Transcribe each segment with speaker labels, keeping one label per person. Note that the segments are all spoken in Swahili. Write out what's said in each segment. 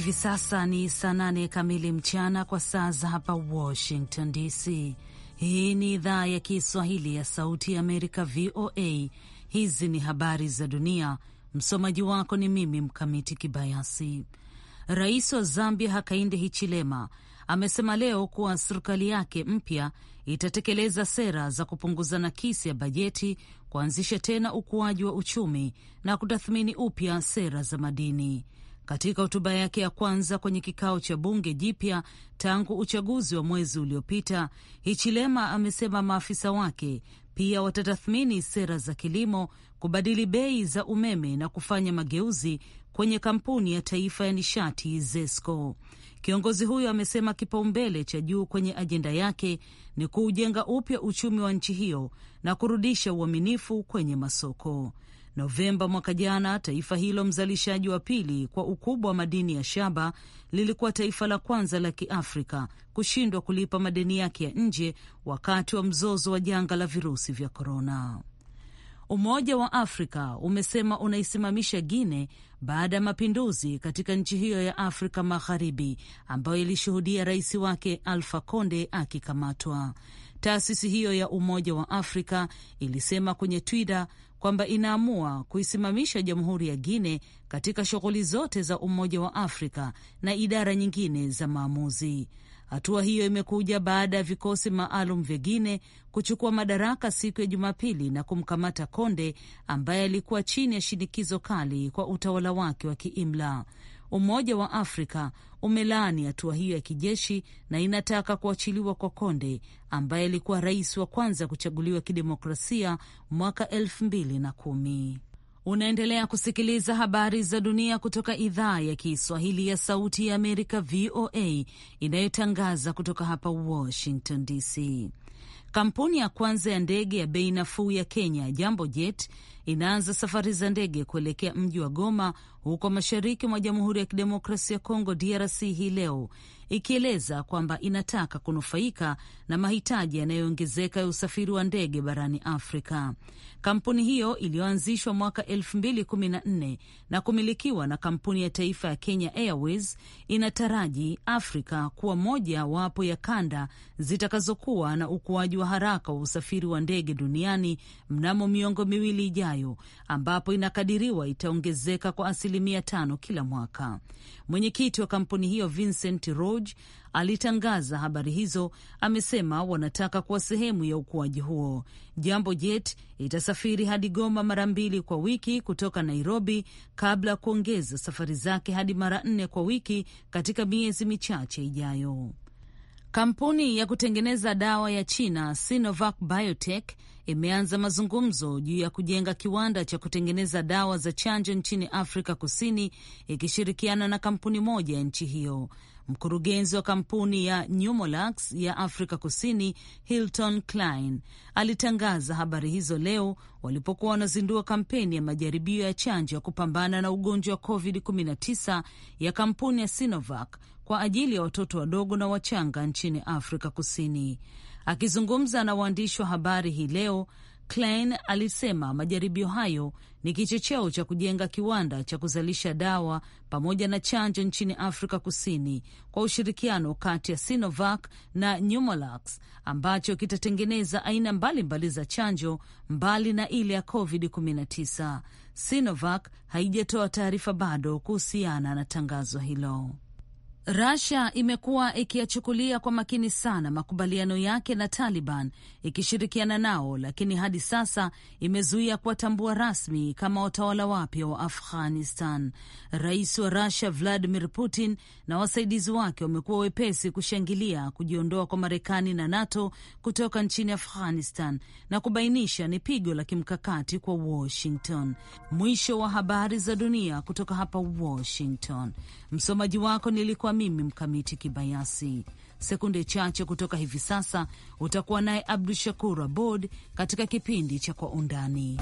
Speaker 1: Hivi sasa ni saa nane kamili mchana kwa saa za hapa Washington DC. Hii ni idhaa ya Kiswahili ya Sauti ya Amerika, VOA. Hizi ni habari za dunia. Msomaji wako ni mimi Mkamiti Kibayasi. Rais wa Zambia Hakainde Hichilema amesema leo kuwa serikali yake mpya itatekeleza sera za kupunguza nakisi ya bajeti, kuanzisha tena ukuaji wa uchumi na kutathmini upya sera za madini. Katika hotuba yake ya kwanza kwenye kikao cha bunge jipya tangu uchaguzi wa mwezi uliopita, Hichilema amesema maafisa wake pia watatathmini sera za kilimo, kubadili bei za umeme na kufanya mageuzi kwenye kampuni ya taifa ya nishati ZESCO. Kiongozi huyo amesema kipaumbele cha juu kwenye ajenda yake ni kuujenga upya uchumi wa nchi hiyo na kurudisha uaminifu kwenye masoko. Novemba mwaka jana, taifa hilo mzalishaji wa pili kwa ukubwa wa madini ya shaba lilikuwa taifa la kwanza la Kiafrika kushindwa kulipa madeni yake ya nje wakati wa mzozo wa janga la virusi vya korona. Umoja wa Afrika umesema unaisimamisha Guine baada ya mapinduzi katika nchi hiyo ya Afrika Magharibi ambayo ilishuhudia rais wake Alfa Conde akikamatwa. Taasisi hiyo ya Umoja wa Afrika ilisema kwenye Twitter kwamba inaamua kuisimamisha Jamhuri ya Guine katika shughuli zote za Umoja wa Afrika na idara nyingine za maamuzi. Hatua hiyo imekuja baada ya vikosi maalum vya Guine kuchukua madaraka siku ya Jumapili na kumkamata Konde ambaye alikuwa chini ya shinikizo kali kwa utawala wake wa kiimla. Umoja wa Afrika umelaani hatua hiyo ya kijeshi na inataka kuachiliwa kwa Konde ambaye alikuwa rais wa kwanza kuchaguliwa kidemokrasia mwaka elfu mbili na kumi. Unaendelea kusikiliza habari za dunia kutoka idhaa ya Kiswahili ya Sauti ya Amerika, VOA, inayotangaza kutoka hapa Washington DC. Kampuni ya kwanza ya ndege ya bei nafuu ya Kenya, Jambo Jet, inaanza safari za ndege kuelekea mji wa Goma huko mashariki mwa Jamhuri ya Kidemokrasia ya Kongo, DRC, hii leo ikieleza kwamba inataka kunufaika na mahitaji yanayoongezeka ya usafiri wa ndege barani Afrika. Kampuni hiyo iliyoanzishwa mwaka 2014 na kumilikiwa na kampuni ya taifa ya Kenya Airways inataraji Afrika kuwa moja wapo ya kanda zitakazokuwa na ukuaji wa haraka wa usafiri wa ndege duniani mnamo miongo miwili ijayo, ambapo inakadiriwa itaongezeka kwa asilimia tano kila mwaka. Mwenyekiti wa kampuni hiyo Vincent Ro Bruge alitangaza habari hizo, amesema wanataka kuwa sehemu ya ukuaji huo. Jambo Jet itasafiri hadi Goma mara mbili kwa wiki kutoka Nairobi, kabla ya kuongeza safari zake hadi mara nne kwa wiki katika miezi michache ijayo. Kampuni ya kutengeneza dawa ya China Sinovac Biotech imeanza mazungumzo juu ya kujenga kiwanda cha kutengeneza dawa za chanjo nchini Afrika Kusini ikishirikiana na kampuni moja ya nchi hiyo. Mkurugenzi wa kampuni ya numolax ya Afrika Kusini, Hilton Klein, alitangaza habari hizo leo walipokuwa wanazindua kampeni ya majaribio ya chanjo ya kupambana na ugonjwa wa COVID-19 ya kampuni ya Sinovac kwa ajili ya watoto wadogo na wachanga nchini Afrika Kusini. Akizungumza na waandishi wa habari hii leo, Klein alisema majaribio hayo ni kichocheo cha kujenga kiwanda cha kuzalisha dawa pamoja na chanjo nchini Afrika Kusini kwa ushirikiano kati ya Sinovac na nyumolax ambacho kitatengeneza aina mbalimbali za chanjo mbali na ile ya COVID-19. Sinovac haijatoa taarifa bado kuhusiana na tangazo hilo. Russia imekuwa ikiyachukulia kwa makini sana makubaliano yake na Taliban ikishirikiana nao, lakini hadi sasa imezuia kuwatambua rasmi kama watawala wapya wa Afghanistan. Rais wa Russia Vladimir Putin na wasaidizi wake wamekuwa wepesi kushangilia kujiondoa kwa Marekani na NATO kutoka nchini Afghanistan na kubainisha ni pigo la kimkakati kwa Washington. Mwisho wa habari za dunia kutoka hapa Washington. Msomaji wako nilikuwa mimi Mkamiti Kibayasi. Sekunde chache kutoka hivi sasa utakuwa naye Abdu Shakur Abod katika kipindi cha Kwa Undani.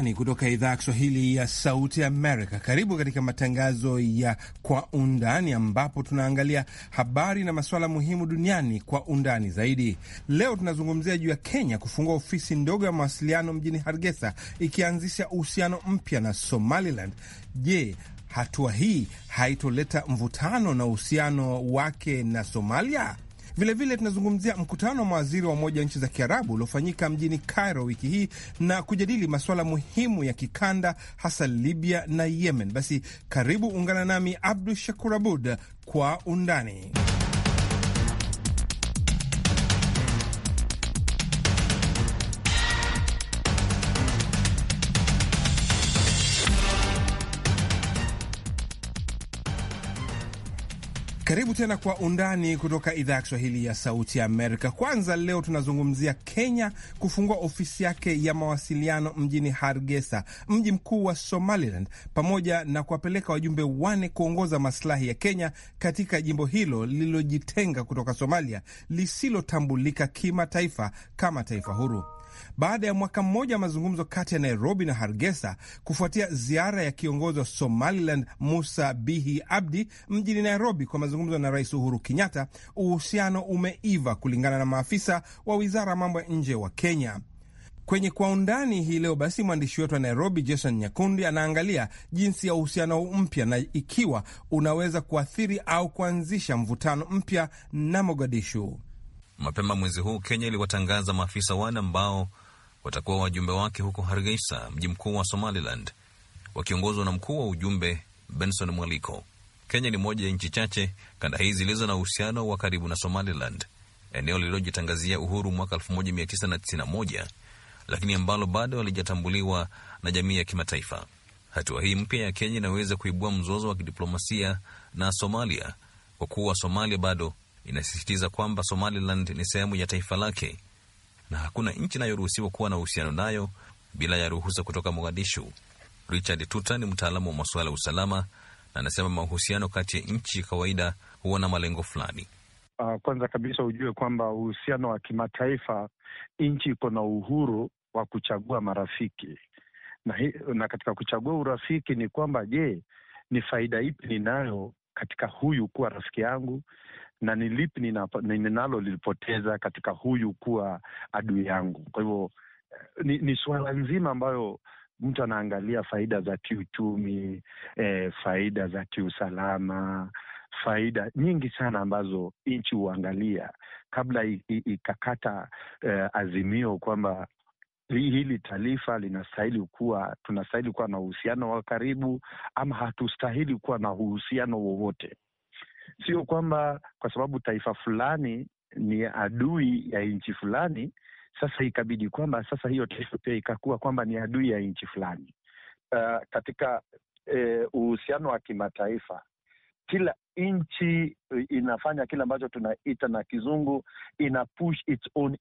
Speaker 2: Undani kutoka idhaa ya Kiswahili ya Sauti Amerika. Karibu katika matangazo ya Kwa Undani, ambapo tunaangalia habari na masuala muhimu duniani kwa undani zaidi. Leo tunazungumzia juu ya Kenya kufungua ofisi ndogo ya mawasiliano mjini Hargesa, ikianzisha uhusiano mpya na Somaliland. Je, hatua hii haitoleta mvutano na uhusiano wake na Somalia? Vilevile tunazungumzia mkutano wa mawaziri wa Umoja wa Nchi za Kiarabu uliofanyika mjini Cairo wiki hii na kujadili masuala muhimu ya kikanda, hasa Libya na Yemen. Basi karibu ungana nami Abdu Shakur Abud kwa undani. Karibu tena kwa undani kutoka idhaa ya Kiswahili ya Sauti ya Amerika. Kwanza leo tunazungumzia Kenya kufungua ofisi yake ya mawasiliano mjini hargesa mji mkuu wa Somaliland, pamoja na kuwapeleka wajumbe wane kuongoza masilahi ya Kenya katika jimbo hilo lililojitenga kutoka Somalia lisilotambulika kimataifa kama taifa huru baada ya mwaka mmoja wa mazungumzo kati ya Nairobi na Hargesa kufuatia ziara ya kiongozi wa Somaliland Musa Bihi Abdi mjini Nairobi kwa mazungumzo na Rais Uhuru Kenyatta. Uhusiano umeiva kulingana na maafisa wa wizara ya mambo ya nje wa Kenya. Kwenye Kwa Undani hii leo basi, mwandishi wetu wa Nairobi Jason Nyakundi anaangalia jinsi ya uhusiano mpya na ikiwa unaweza kuathiri au kuanzisha mvutano mpya na Mogadishu.
Speaker 3: Mapema mwezi huu Kenya iliwatangaza maafisa wane ambao watakuwa wajumbe wake huko Hargeisa, mji mkuu wa Somaliland, wakiongozwa na mkuu wa ujumbe Benson Mwaliko. Kenya ni moja ya nchi chache kanda hii zilizo na uhusiano wa karibu na Somaliland, eneo lililojitangazia uhuru mwaka 1991 lakini ambalo bado halijatambuliwa na jamii ya kimataifa. Hatua hii mpya ya Kenya inaweza kuibua mzozo wa kidiplomasia na Somalia kwa kuwa Somalia bado inasisitiza kwamba Somaliland ni sehemu ya taifa lake na hakuna nchi inayoruhusiwa kuwa na uhusiano nayo bila ya ruhusa kutoka Mogadishu. Richard Tuta ni mtaalamu wa masuala ya usalama na anasema mahusiano kati ya nchi kawaida huwa na malengo fulani.
Speaker 4: Uh, kwanza kabisa ujue kwamba uhusiano wa kimataifa, nchi iko na uhuru wa kuchagua marafiki na, na katika kuchagua urafiki ni kwamba je, ni faida ipi ninayo katika huyu kuwa rafiki yangu na ni lipi lilipoteza katika huyu kuwa adui yangu. Kwa hivyo eh, ni, ni suala nzima ambayo mtu anaangalia faida za kiuchumi eh, faida za kiusalama, faida nyingi sana ambazo nchi huangalia kabla ikakata eh, azimio kwamba hili taifa linastahili kuwa, tunastahili kuwa na uhusiano wa karibu ama hatustahili kuwa na uhusiano wowote sio kwamba kwa sababu taifa fulani ni adui ya nchi fulani, sasa ikabidi kwamba sasa hiyo taifa pia ikakuwa kwamba ni adui ya nchi fulani. Uh, katika eh, uhusiano wa kimataifa kila nchi eh, inafanya kile ambacho tunaita na kizungu ina push its own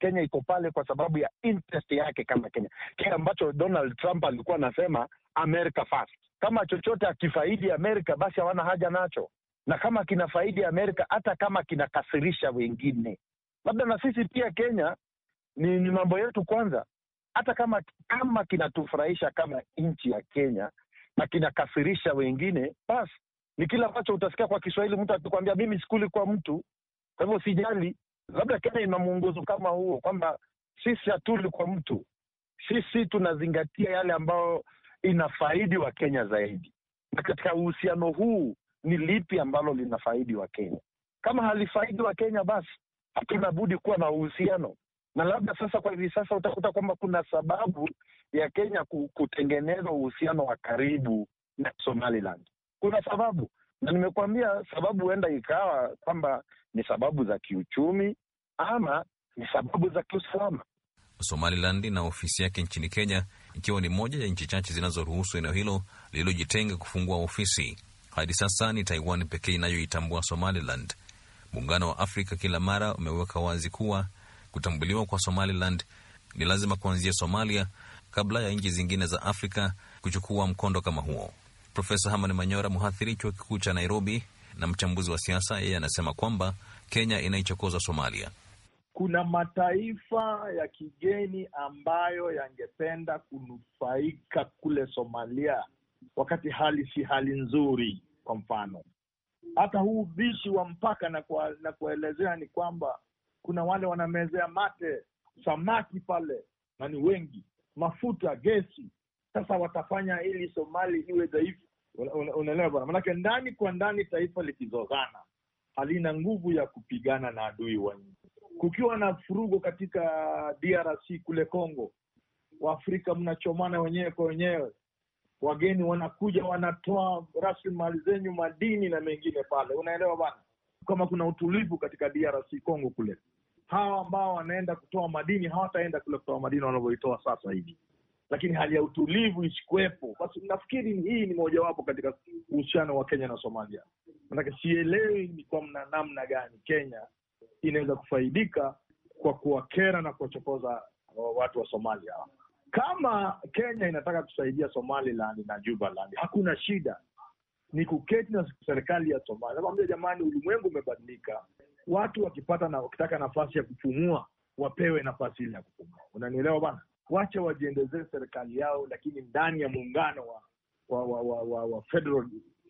Speaker 4: Kenya iko pale kwa sababu ya interest yake kama Kenya, kile ambacho Donald Trump alikuwa anasema America first. Kama chochote akifaidi Amerika, basi hawana haja nacho, na kama kinafaidi Amerika, hata kama kinakasirisha wengine, labda na sisi pia Kenya ni, ni mambo yetu kwanza, hata kama kama kinatufurahisha kama nchi ya Kenya na kinakasirisha wengine, basi ni kile ambacho utasikia kwa Kiswahili mtu akikwambia mimi sikuli kwa mtu, kwa hivyo sijali Labda Kenya ina mwongozo kama huo kwamba sisi hatuli kwa mtu, sisi tunazingatia yale ambayo inafaidi wa Kenya zaidi. Na katika uhusiano huu ni lipi ambalo linafaidi wa Kenya? Kama halifaidi wa Kenya, basi hatuna budi kuwa na uhusiano na labda sasa, kwa hivi sasa utakuta kwamba kuna sababu ya Kenya kutengeneza uhusiano wa karibu na Somaliland. Kuna sababu na nimekuambia sababu, huenda ikawa kwamba ni sababu za kiuchumi ama ni sababu za kiusalama.
Speaker 3: Somaliland na ofisi yake nchini Kenya ikiwa ni moja ya nchi chache zinazoruhusu eneo hilo lililojitenga kufungua ofisi. Hadi sasa ni Taiwan pekee inayoitambua Somaliland. Muungano wa Afrika kila mara umeweka wazi kuwa kutambuliwa kwa Somaliland ni lazima kuanzia Somalia kabla ya nchi zingine za Afrika kuchukua mkondo kama huo. Profesa Hamani Manyora, mhadhiri chuo kikuu cha Nairobi, na mchambuzi wa siasa, yeye anasema kwamba Kenya inaichokoza Somalia.
Speaker 5: Kuna mataifa ya kigeni ambayo yangependa kunufaika kule Somalia, wakati hali si hali nzuri. Kwa mfano hata huu ubishi wa mpaka na, kwa, na kuelezea ni kwamba kuna wale wanamezea mate samaki pale na ni wengi, mafuta, gesi. Sasa watafanya ili Somali iwe dhaifu unaelewa bwana manake ndani kwa ndani taifa likizozana halina nguvu ya kupigana na adui wa nje kukiwa na furugo katika drc kule congo waafrika mnachomana wenyewe kwa wenyewe wageni wanakuja wanatoa rasilimali zenyu madini na mengine pale unaelewa bwana kama kuna utulivu katika drc congo kule hawa ambao wanaenda kutoa madini hawataenda kule kutoa madini wanavyoitoa sasa hivi lakini hali ya utulivu isikuwepo. Basi nafikiri hii ni mojawapo katika uhusiano wa Kenya na Somalia. Manake sielewi ni kwa mna namna gani Kenya inaweza kufaidika kwa kuwakera na kuwachokoza watu wa Somalia. Kama Kenya inataka kusaidia Somaliland na Jubaland, hakuna shida, ni kuketi na serikali ya Somalia ambia, jamani, ulimwengu umebadilika, watu wakipata na wakitaka nafasi ya kupumua wapewe nafasi ile ya kupumua. Unanielewa bana? kuacha wajiendezee serikali yao, lakini ndani ya muungano wa wa wa, wa, wa, wa Federal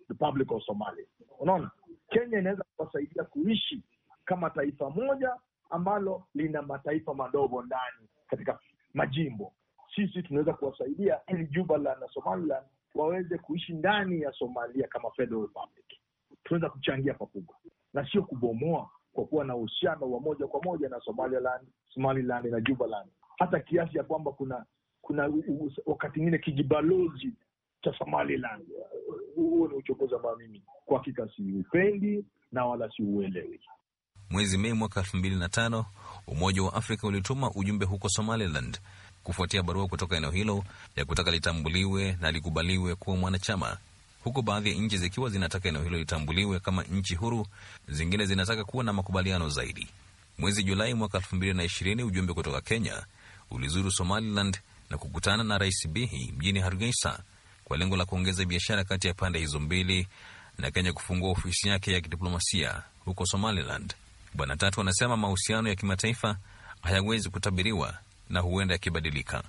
Speaker 5: Republic of Somalia. Unaona, Kenya inaweza kuwasaidia kuishi kama taifa moja ambalo lina mataifa madogo ndani katika majimbo. Sisi tunaweza kuwasaidia ili Jubaland na Somaliland waweze kuishi ndani ya Somalia kama Federal Republic. Tunaweza kuchangia pakubwa na sio kubomoa, kwa kuwa na uhusiano wa moja kwa moja na Somaliland, Somaliland na Jubaland hata kiasi ya kwamba kuna kuna wakati mwingine kijibalozi cha Somaliland. Huo ni uchokozi ambao mimi kwa hakika siupendi na wala siuelewi.
Speaker 3: Mwezi Mei mwaka elfu mbili na tano Umoja wa Afrika ulituma ujumbe huko Somaliland kufuatia barua kutoka eneo hilo ya kutaka litambuliwe na likubaliwe kuwa mwanachama, huku baadhi ya nchi zikiwa zinataka eneo hilo litambuliwe kama nchi huru, zingine zinataka kuwa na makubaliano zaidi. Mwezi Julai mwaka elfu mbili na ishirini ujumbe kutoka Kenya ulizuru Somaliland na kukutana na Rais Bihi mjini Hargeisa kwa lengo la kuongeza biashara kati ya pande hizo mbili na Kenya kufungua ofisi yake ya kidiplomasia huko Somaliland. Bwana Tatu anasema mahusiano ya kimataifa hayawezi kutabiriwa na huenda yakibadilika.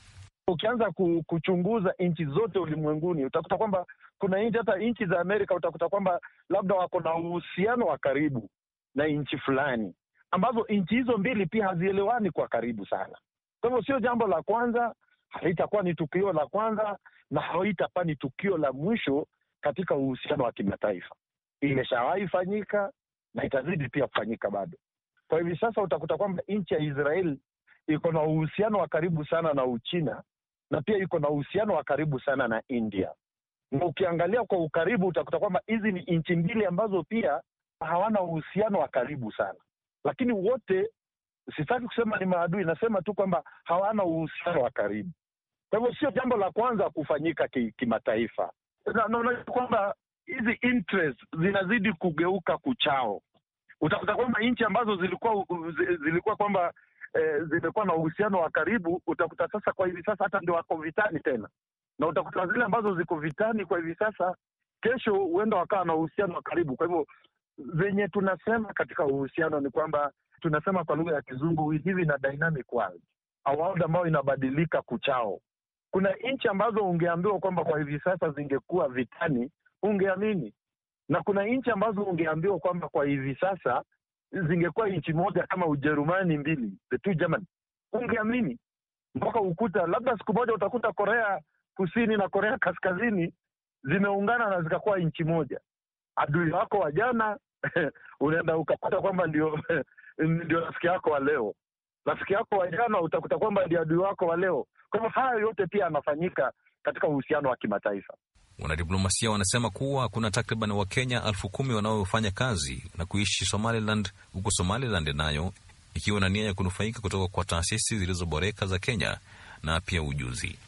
Speaker 4: Ukianza kuchunguza nchi zote ulimwenguni utakuta kwamba kuna nchi, hata nchi za Amerika utakuta kwamba labda wako na uhusiano wa karibu na nchi fulani ambazo nchi hizo mbili pia hazielewani kwa karibu sana. Kwa hivyo sio jambo la kwanza, halitakuwa ni tukio la kwanza na haitakuwa ni tukio la mwisho katika uhusiano wa kimataifa. Imeshawahi fanyika na itazidi pia kufanyika bado. Kwa hivi sasa utakuta kwamba nchi ya Israel iko na uhusiano wa karibu sana na Uchina na pia iko na uhusiano wa karibu sana na India, na ukiangalia kwa ukaribu utakuta kwamba hizi ni nchi mbili ambazo pia hawana uhusiano wa karibu sana, lakini wote sitaki kusema ni maadui, nasema tu kwamba hawana uhusiano wa karibu. Kwa hivyo sio jambo la kwanza kufanyika kimataifa ki naona na, kwamba hizi interest zinazidi kugeuka kuchao. Utakuta kwamba nchi ambazo zilikuwa zilikuwa kwamba e, zimekuwa na uhusiano wa karibu, utakuta sasa kwa hivi sasa hata ndio wako vitani tena, na utakuta zile ambazo ziko vitani kwa hivi sasa, kesho huenda wakawa na uhusiano wa karibu. Kwa hivyo venye tunasema katika uhusiano ni kwamba tunasema kwa lugha ya kizungu hivi na in dynamic world, a world ambayo inabadilika kuchao. Kuna nchi ambazo ungeambiwa kwamba kwa hivi sasa zingekuwa vitani ungeamini, na kuna nchi ambazo ungeambiwa kwamba kwa hivi sasa zingekuwa nchi moja kama Ujerumani mbili, the two Germany, ungeamini mpaka ukuta labda siku moja utakuta Korea Kusini na Korea Kaskazini zimeungana na zikakuwa nchi moja. Adui wako wa jana unaenda ukakuta kwamba ndio ndio rafiki yako wa leo, rafiki yako wa jana utakuta kwamba ndio adui wako wa leo. Kwa hivyo haya yote pia yanafanyika katika uhusiano wa kimataifa.
Speaker 3: Wanadiplomasia wanasema kuwa kuna takriban Wakenya elfu kumi wanaofanya kazi na kuishi Somaliland, huku Somaliland nayo ikiwa na nia ya kunufaika kutoka kwa taasisi zilizoboreka za Kenya na pia ujuzi.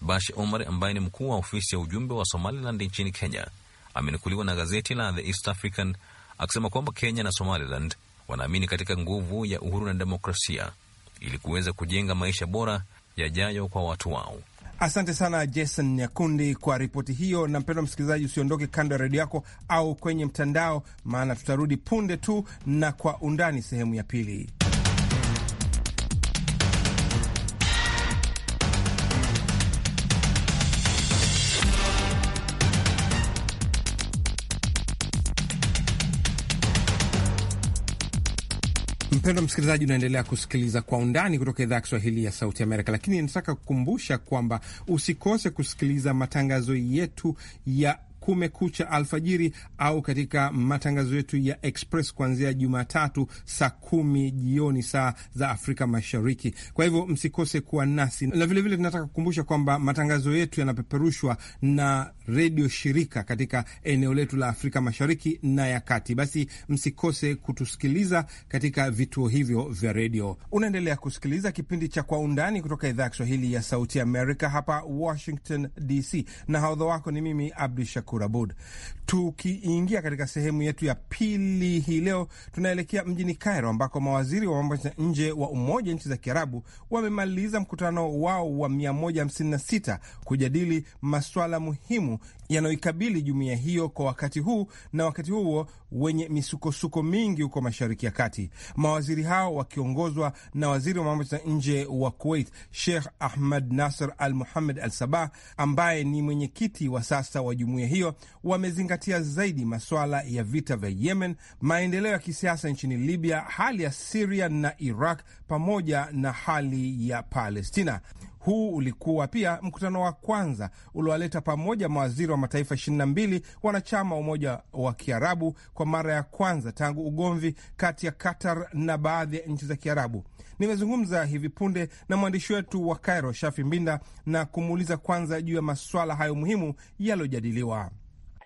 Speaker 3: Bash Omar ambaye ni mkuu wa ofisi ya ujumbe wa Somaliland nchini Kenya amenukuliwa na gazeti la The East African akisema kwamba Kenya na Somaliland wanaamini katika nguvu ya uhuru na demokrasia ili kuweza kujenga maisha bora yajayo kwa watu wao. Asante
Speaker 2: sana Jason Nyakundi kwa ripoti hiyo. Na mpendwa msikilizaji, usiondoke kando ya redio yako au kwenye mtandao, maana tutarudi punde tu na kwa undani sehemu ya pili. Mpendwa msikilizaji, unaendelea kusikiliza Kwa Undani kutoka idhaa ya Kiswahili ya Sauti Amerika, lakini nataka kukumbusha kwamba usikose kusikiliza matangazo yetu ya Kumekucha alfajiri au katika matangazo yetu ya Express kuanzia Jumatatu saa kumi jioni saa za Afrika Mashariki. Kwa hivyo msikose kuwa nasi, na vilevile tunataka kukumbusha kwamba matangazo yetu yanapeperushwa na redio shirika katika eneo letu la Afrika Mashariki na ya Kati. Basi msikose kutusikiliza katika vituo hivyo vya redio. Unaendelea kusikiliza kipindi cha Kwa Undani kutoka idhaa ya Kiswahili ya Sauti Amerika hapa Washington DC, na haudha wako ni mimi Abdu Shakur Abud. Tukiingia katika sehemu yetu ya pili hii leo, tunaelekea mjini Cairo ambako mawaziri wa mambo ya nje wa Umoja nchi za Kiarabu wamemaliza mkutano wao wa 156 kujadili maswala muhimu yanayoikabili jumuiya hiyo kwa wakati huu na wakati huo wenye misukosuko mingi huko Mashariki ya Kati. Mawaziri hao wakiongozwa na waziri wa mambo ya nje wa Kuwait, Sheikh Ahmad Nasr Al Muhamed Al Sabah, ambaye ni mwenyekiti wa sasa wa jumuiya hiyo, wamezingatia zaidi masuala ya vita vya Yemen, maendeleo ya kisiasa nchini Libya, hali ya Siria na Iraq pamoja na hali ya Palestina. Huu ulikuwa pia mkutano wa kwanza uliowaleta pamoja mawaziri wa mataifa 22 wanachama Umoja wa Kiarabu kwa mara ya kwanza tangu ugomvi kati ya Qatar na baadhi ya nchi za Kiarabu. Nimezungumza hivi punde na mwandishi wetu wa Cairo, Shafi Mbinda, na kumuuliza kwanza juu ya maswala hayo muhimu yaliyojadiliwa.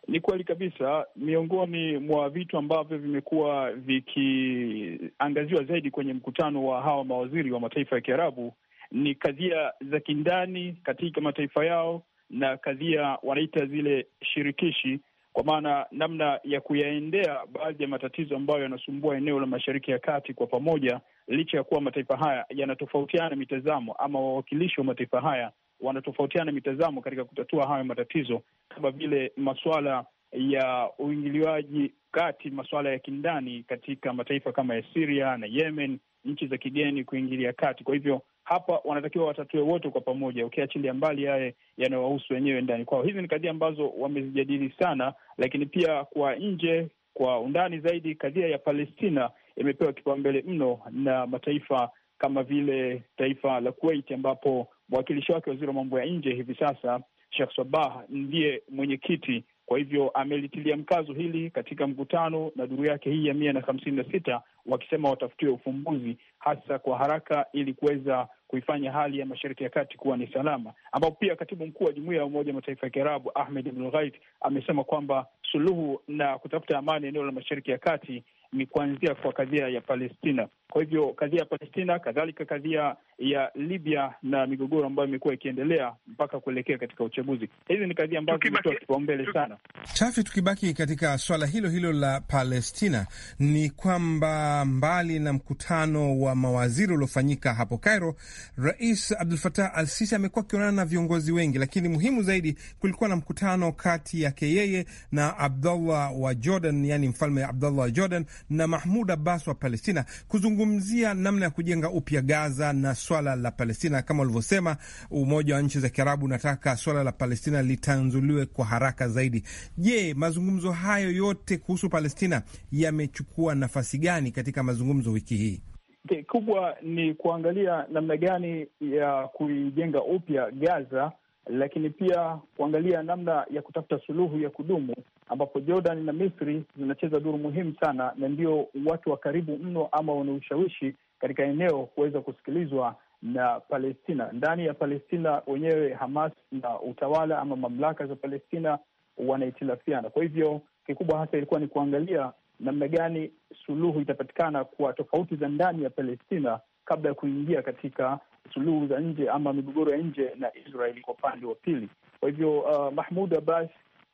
Speaker 6: Ni kweli kabisa, miongoni mwa vitu ambavyo vimekuwa vikiangaziwa zaidi kwenye mkutano wa hawa mawaziri wa mataifa ya Kiarabu ni kadhia za kindani katika mataifa yao na kadhia wanaita zile shirikishi, kwa maana namna ya kuyaendea baadhi ya matatizo ambayo yanasumbua eneo la Mashariki ya Kati kwa pamoja, licha ya kuwa mataifa haya yanatofautiana mitazamo ama wawakilishi wa mataifa haya wanatofautiana mitazamo katika kutatua hayo matatizo, kama vile masuala ya uingiliwaji kati, masuala ya kindani katika mataifa kama ya Syria na Yemen nchi za kigeni kuingilia kati. Kwa hivyo hapa wanatakiwa watatue wote kwa pamoja, ukiachilia mbali yaye yanayowahusu wenyewe ndani kwao. Hizi ni kadhia ambazo wamezijadili sana, lakini pia kwa nje kwa undani zaidi, kadhia ya Palestina imepewa kipaumbele mno na mataifa kama vile taifa la Kuwait, ambapo mwakilishi wake waziri wa mambo ya nje hivi sasa Sheikh Sabah ndiye mwenyekiti kwa hivyo amelitilia mkazo hili katika mkutano na duru yake hii ya mia na hamsini na sita wakisema watafutiwe ufumbuzi hasa kwa haraka ili kuweza kuifanya hali ya Mashariki ya Kati kuwa ni salama, ambapo pia katibu mkuu wa Jumuiya ya Umoja Mataifa ya Kiarabu Ahmed Abdul Ghait amesema kwamba suluhu na kutafuta amani eneo la Mashariki ya Kati ni kuanzia kwa kadhia ya Palestina. Kwa hivyo kadhia ya Palestina, kadhalika kadhia ya Libya na migogoro ambayo imekuwa ikiendelea mpaka kuelekea katika uchaguzi, hizi ni kadhia ambazo zimetoa kipaumbele sana.
Speaker 2: Chafi, tukibaki katika swala hilo hilo la Palestina, ni kwamba mbali na mkutano wa mawaziri uliofanyika hapo Cairo, Rais Abdul Fatah Al Sisi amekuwa akionana na viongozi wengi, lakini muhimu zaidi kulikuwa na mkutano kati yake yeye na Abdullah wa Jordan, yani mfalme Abdullah wa Jordan na Mahmud Abbas wa Palestina kuzungumzia namna ya kujenga upya Gaza na swala la Palestina. Kama ulivyosema, Umoja wa Nchi za Kiarabu unataka swala la Palestina litanzuliwe kwa haraka zaidi. Je, mazungumzo hayo yote kuhusu Palestina yamechukua nafasi gani katika mazungumzo wiki hii?
Speaker 6: Kikubwa ni kuangalia namna gani ya kuijenga upya Gaza, lakini pia kuangalia namna ya kutafuta suluhu ya kudumu ambapo Jordan na Misri zinacheza duru muhimu sana na ndio watu wa karibu mno ama wana ushawishi katika eneo kuweza kusikilizwa na Palestina. Ndani ya Palestina wenyewe, Hamas na utawala ama mamlaka za Palestina wanahitilafiana. Kwa hivyo kikubwa hasa ilikuwa ni kuangalia namna gani suluhu itapatikana kwa tofauti za ndani ya Palestina kabla ya kuingia katika suluhu za nje ama migogoro ya nje na Israeli kwa upande wa pili. Kwa hivyo uh, Mahmud Abbas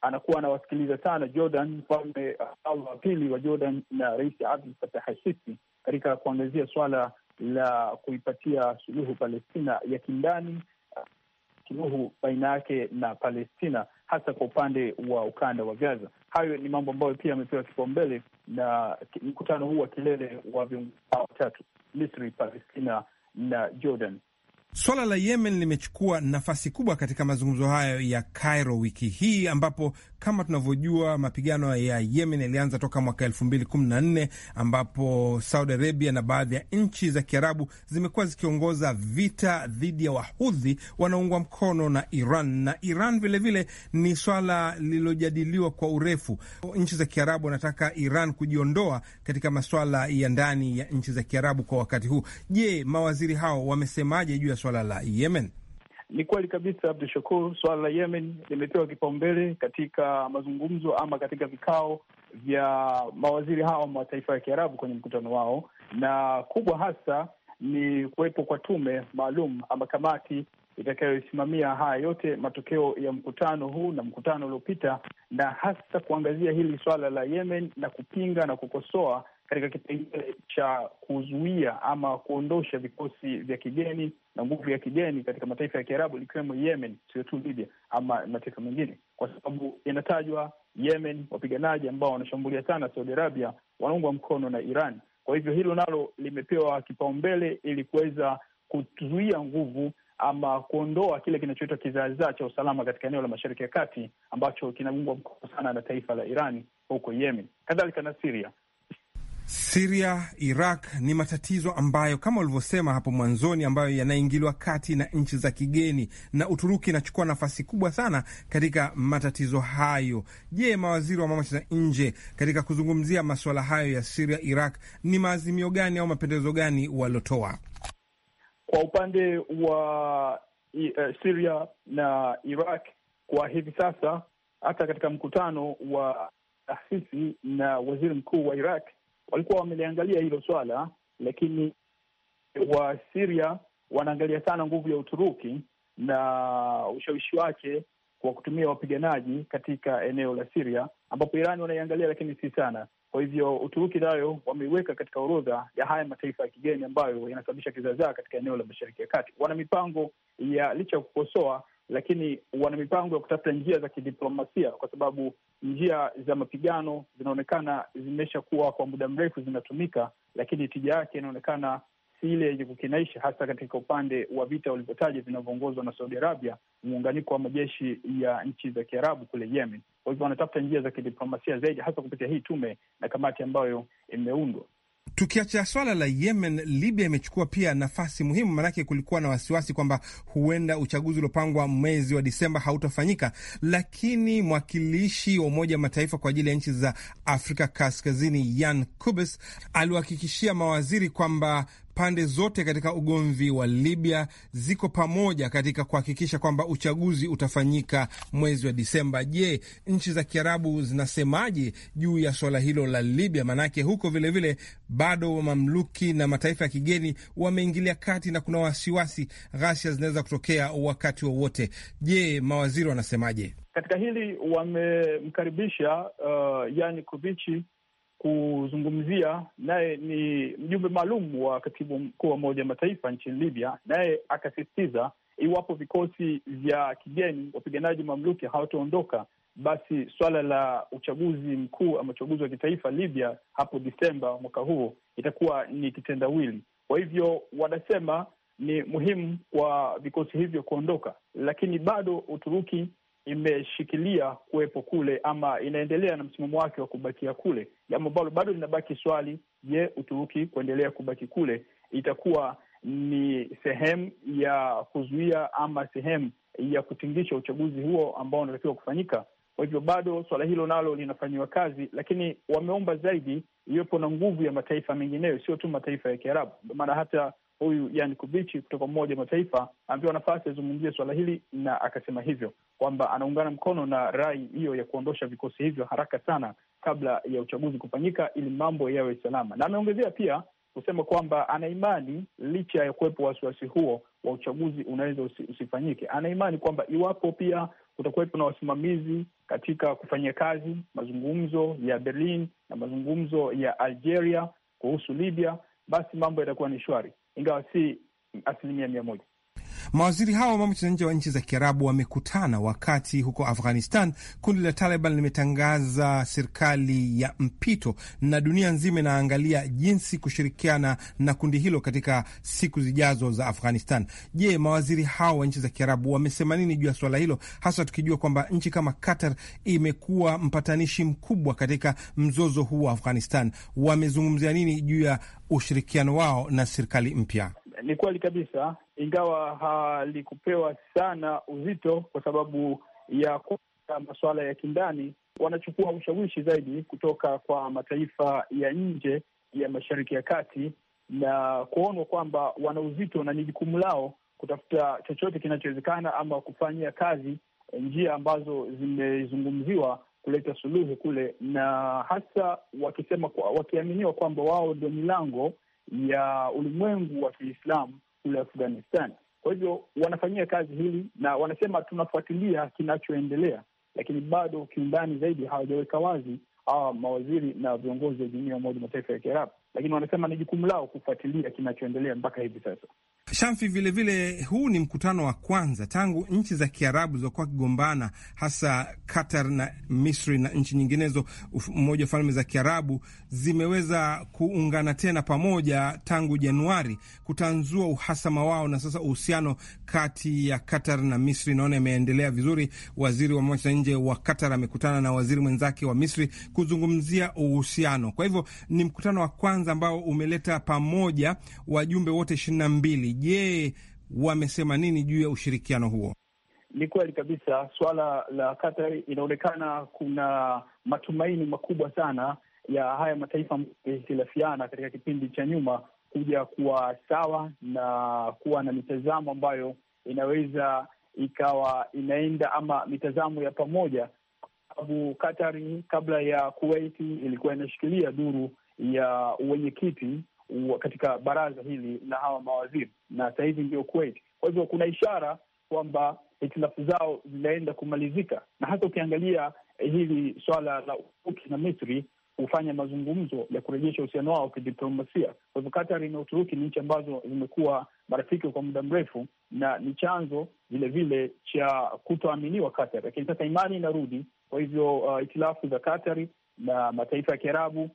Speaker 6: anakuwa anawasikiliza sana Jordan, mfalme Abdallah uh, wa pili wa Jordan na Rais Abdul Fatah asisi sisi katika kuangazia swala la kuipatia suluhu Palestina ya kindani, uh, suluhu baina yake na Palestina, hasa kwa upande wa ukanda wa Gaza. Hayo ni mambo ambayo pia yamepewa kipaumbele na mkutano huu wa kilele wa viongozi hao watatu, Misri, Palestina na Jordan.
Speaker 2: Swala la Yemen limechukua nafasi kubwa katika mazungumzo hayo ya Cairo wiki hii, ambapo kama tunavyojua mapigano ya Yemen yalianza toka mwaka elfu mbili kumi na nne ambapo Saudi Arabia na baadhi ya nchi za Kiarabu zimekuwa zikiongoza vita dhidi ya Wahudhi wanaungwa mkono na Iran na Iran vilevile vile, ni swala lililojadiliwa kwa urefu. Nchi za Kiarabu wanataka Iran kujiondoa katika maswala ya ndani ya nchi za Kiarabu kwa wakati huu. Je, mawaziri hao wamesemaje juu ya swala la Yemen?
Speaker 6: Ni kweli kabisa Abdu Shakur, swala la Yemen limepewa kipaumbele katika mazungumzo ama katika vikao vya mawaziri hawa mataifa ya Kiarabu kwenye mkutano wao, na kubwa hasa ni kuwepo kwa tume maalum ama kamati itakayosimamia haya yote, matokeo ya mkutano huu na mkutano uliopita, na hasa kuangazia hili swala la Yemen na kupinga na kukosoa katika kipengele cha kuzuia ama kuondosha vikosi vya kigeni na nguvu ya kigeni katika mataifa ya Kiarabu likiwemo Yemen, sio tu Libya ama mataifa mengine, kwa sababu inatajwa Yemen wapiganaji ambao wanashambulia sana Saudi Arabia wanaungwa mkono na Iran. Kwa hivyo hilo nalo limepewa kipaumbele ili kuweza kuzuia nguvu ama kuondoa kile kinachoitwa kizaazaa cha usalama katika eneo la Mashariki ya Kati ambacho kinaungwa mkono sana na taifa la Iran huko Yemen, kadhalika na Siria.
Speaker 2: Siria, Iraq ni matatizo ambayo kama ulivyosema hapo mwanzoni, ambayo yanaingiliwa kati na nchi za kigeni, na Uturuki inachukua nafasi kubwa sana katika matatizo hayo. Je, mawaziri wa mambo ya nje katika kuzungumzia masuala hayo ya Siria, Iraq ni maazimio gani au mapendekezo gani waliotoa
Speaker 6: kwa upande wa uh, eh, Siria na Iraq kwa hivi sasa? Hata katika mkutano wa taasisi na waziri mkuu wa Iraq walikuwa wameliangalia hilo swala, lakini Wasiria wanaangalia sana nguvu ya Uturuki na ushawishi wake kwa kutumia wapiganaji katika eneo la Siria, ambapo Irani wanaiangalia lakini si sana. Kwa hivyo Uturuki nayo wameiweka katika orodha ya haya mataifa ya kigeni ambayo yanasababisha kizazaa katika eneo la Mashariki ya Kati. Wana mipango ya licha ya kukosoa lakini wana mipango ya kutafuta njia za kidiplomasia, kwa sababu njia za mapigano zinaonekana zimeshakuwa kwa muda mrefu zinatumika, lakini tija yake inaonekana si ile yenye kukinaisha, hasa katika upande wa vita walivyotaja vinavyoongozwa na Saudi Arabia, muunganiko wa majeshi ya nchi za Kiarabu kule Yemen. Kwa hivyo wanatafuta njia za kidiplomasia zaidi, hasa kupitia hii tume na kamati ambayo imeundwa.
Speaker 2: Tukiacha swala la Yemen, Libya imechukua pia nafasi muhimu, maanake kulikuwa na wasiwasi kwamba huenda uchaguzi uliopangwa mwezi wa Disemba hautafanyika, lakini mwakilishi wa Umoja wa Mataifa kwa ajili ya nchi za Afrika Kaskazini yan Kubis aliwahakikishia mawaziri kwamba pande zote katika ugomvi wa Libya ziko pamoja katika kuhakikisha kwamba uchaguzi utafanyika mwezi wa Disemba. Je, nchi za Kiarabu zinasemaje juu ya swala hilo la Libya? Maanake huko vilevile vile, bado mamluki na mataifa ya kigeni wameingilia kati na kuna wasiwasi ghasia zinaweza kutokea wakati wowote wa. Je, mawaziri wanasemaje
Speaker 6: katika hili? Wamemkaribisha uh, yani Kubichi kuzungumzia naye ni mjumbe maalum wa katibu mkuu wa Umoja Mataifa nchini Libya, naye akasisitiza iwapo vikosi vya kigeni wapiganaji mamluki hawataondoka, basi swala la uchaguzi mkuu ama uchaguzi wa kitaifa Libya hapo Desemba mwaka huo itakuwa ni kitendawili. Kwa hivyo wanasema ni muhimu kwa vikosi hivyo kuondoka, lakini bado Uturuki imeshikilia kuwepo kule ama inaendelea na msimamo wake wa kubakia kule, jambo ambalo bado linabaki swali. Je, Uturuki kuendelea kubaki kule itakuwa ni sehemu ya kuzuia ama sehemu ya kutingisha uchaguzi huo ambao unatakiwa kufanyika? Kwa hivyo bado swala hilo nalo linafanyiwa kazi, lakini wameomba zaidi iwepo na nguvu ya mataifa mengineyo, sio tu mataifa ya Kiarabu. maana hata huyu yani Kubichi kutoka Umoja wa Mataifa amepewa nafasi azungumzie swala hili na akasema hivyo kwamba anaungana mkono na rai hiyo ya kuondosha vikosi hivyo haraka sana kabla ya uchaguzi kufanyika ili mambo yawe salama, na ameongezea pia kusema kwamba anaimani licha ya kuwepo wasiwasi huo wa uchaguzi unaweza usi, usifanyike. anaimani kwamba iwapo pia kutakuwepo na wasimamizi katika kufanyia kazi mazungumzo ya Berlin na mazungumzo ya Algeria kuhusu Libya, basi mambo yatakuwa ni shwari ingawa si asilimia mia moja.
Speaker 2: Mawaziri hao wa mambo ya nje wa nchi za Kiarabu wamekutana wakati huko Afghanistan kundi la Taliban limetangaza serikali ya mpito na dunia nzima inaangalia jinsi kushirikiana na kundi hilo katika siku zijazo za Afghanistan. Je, mawaziri hao wa nchi za Kiarabu wamesema nini juu ya suala hilo, hasa tukijua kwamba nchi kama Qatar imekuwa mpatanishi mkubwa katika mzozo huu wa Afghanistan? Wamezungumzia nini juu ya ushirikiano wao na serikali mpya?
Speaker 6: ni kweli kabisa, ingawa halikupewa sana uzito kwa sababu ya kuwa masuala ya kindani, wanachukua ushawishi zaidi kutoka kwa mataifa ya nje ya Mashariki ya Kati na kuonwa kwamba wana uzito na ni jukumu lao kutafuta chochote kinachowezekana ama kufanyia kazi njia ambazo zimezungumziwa kuleta suluhu kule, na hasa wakisema, wakiaminiwa kwamba wao ndio milango ya ulimwengu wa Kiislamu kule Afghanistan. Kwa hivyo wanafanyia kazi hili na wanasema tunafuatilia kinachoendelea, lakini bado kiundani zaidi hawajaweka wazi hawa mawaziri na viongozi wa jumuiya ya Umoja Mataifa ya Kiarabu, lakini wanasema ni jukumu lao kufuatilia kinachoendelea mpaka hivi sasa
Speaker 2: shamfi vilevile vile, huu ni mkutano wa kwanza tangu nchi za Kiarabu zilizokuwa kigombana hasa Qatar na Misri na nchi nyinginezo, mmoja wa falme za Kiarabu zimeweza kuungana tena pamoja tangu Januari kutanzua uhasama wao, na sasa uhusiano kati ya Qatar na Misri naona imeendelea vizuri. Waziri wa mambo ya nje wa Qatar amekutana na waziri mwenzake wa Misri kuzungumzia uhusiano. Kwa hivyo ni mkutano wa kwanza ambao umeleta pamoja wajumbe wote ishirini na mbili Je, wamesema nini juu ya ushirikiano huo?
Speaker 6: Ni kweli kabisa, suala la Qatar inaonekana kuna matumaini makubwa sana ya haya mataifa yahitilafiana katika kipindi cha nyuma kuja kuwa sawa na kuwa na mitazamo ambayo inaweza ikawa inaenda ama mitazamo ya pamoja, sababu katari kabla ya kuwaiti ilikuwa inashikilia duru ya uwenyekiti katika baraza hili la hawa mawaziri, na sasa hivi ndio Kuwait. Kwa hivyo kuna ishara kwamba hitilafu zao zinaenda kumalizika, na hasa ukiangalia eh, hili swala la Uturuki na Misri hufanya mazungumzo ya kurejesha uhusiano wao kidiplomasia. Kwa hivyo Katari na Uturuki ni nchi ambazo zimekuwa marafiki kwa muda mrefu na ni chanzo vilevile cha kutoaminiwa Katari, lakini sasa imani inarudi. Kwa hivyo uh, itilafu za Katari na mataifa ya Kiarabu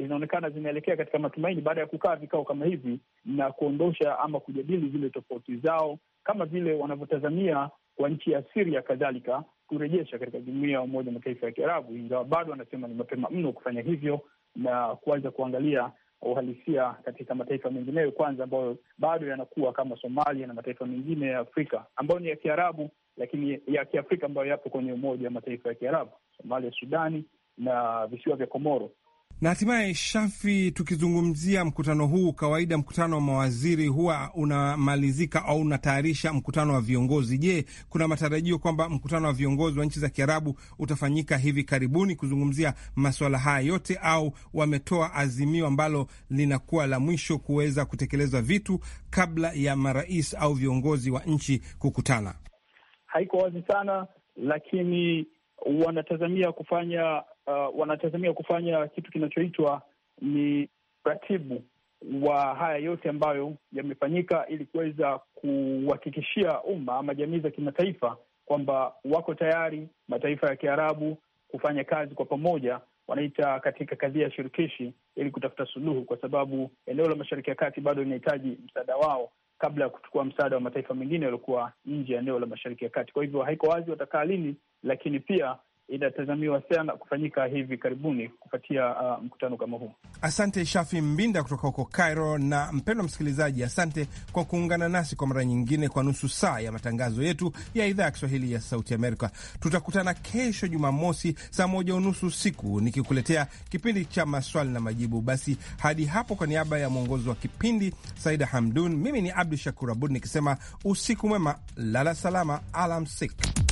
Speaker 6: inaonekana zinaelekea katika matumaini baada ya kukaa vikao kama hivi na kuondosha ama kujadili zile tofauti zao kama vile wanavyotazamia kwa nchi ya Siria kadhalika kurejesha katika jumuia ya Umoja Mataifa ya Kiarabu, ingawa bado wanasema ni mapema mno kufanya hivyo na kuanza kuangalia uhalisia katika mataifa mengineyo kwanza, ambayo bado yanakuwa kama Somalia na mataifa mengine ya Afrika ambayo ni ya Kiarabu, lakini ya Kiafrika ambayo yapo kwenye Umoja wa Mataifa ya Kiarabu, Somalia, Sudani na visiwa vya Komoro.
Speaker 2: Na hatimaye Shafi, tukizungumzia mkutano huu, kawaida mkutano wa mawaziri huwa unamalizika au unatayarisha mkutano wa viongozi. Je, kuna matarajio kwamba mkutano wa viongozi wa nchi za Kiarabu utafanyika hivi karibuni kuzungumzia masuala haya yote, au wametoa azimio ambalo linakuwa la mwisho kuweza kutekeleza vitu kabla ya marais au viongozi wa nchi kukutana?
Speaker 6: Haiko wazi sana, lakini wanatazamia kufanya uh, wanatazamia kufanya kitu kinachoitwa ni ratibu wa haya yote ambayo yamefanyika ili kuweza kuhakikishia umma ama jamii za kimataifa kwamba wako tayari mataifa ya Kiarabu kufanya kazi kwa pamoja, wanaita katika kadhia ya shirikishi, ili kutafuta suluhu, kwa sababu eneo la Mashariki ya Kati bado linahitaji msaada wao kabla ya kuchukua msaada wa mataifa mengine yaliokuwa nje ya eneo la Mashariki ya Kati. Kwa hivyo haiko wazi watakaa lini, lakini pia inatazamiwa sana kufanyika hivi karibuni kufuatia uh, mkutano kama huu.
Speaker 2: Asante Shafi Mbinda kutoka huko Cairo. Na mpendwa msikilizaji, asante kwa kuungana nasi kwa mara nyingine kwa nusu saa ya matangazo yetu ya idhaa ya Kiswahili ya Sauti Amerika. Tutakutana kesho Jumamosi saa moja unusu usiku nikikuletea kipindi cha maswali na majibu. Basi hadi hapo, kwa niaba ya mwongozi wa kipindi Saida Hamdun, mimi ni Abdu Shakur Abud nikisema usiku mwema, lala salama, alamsik.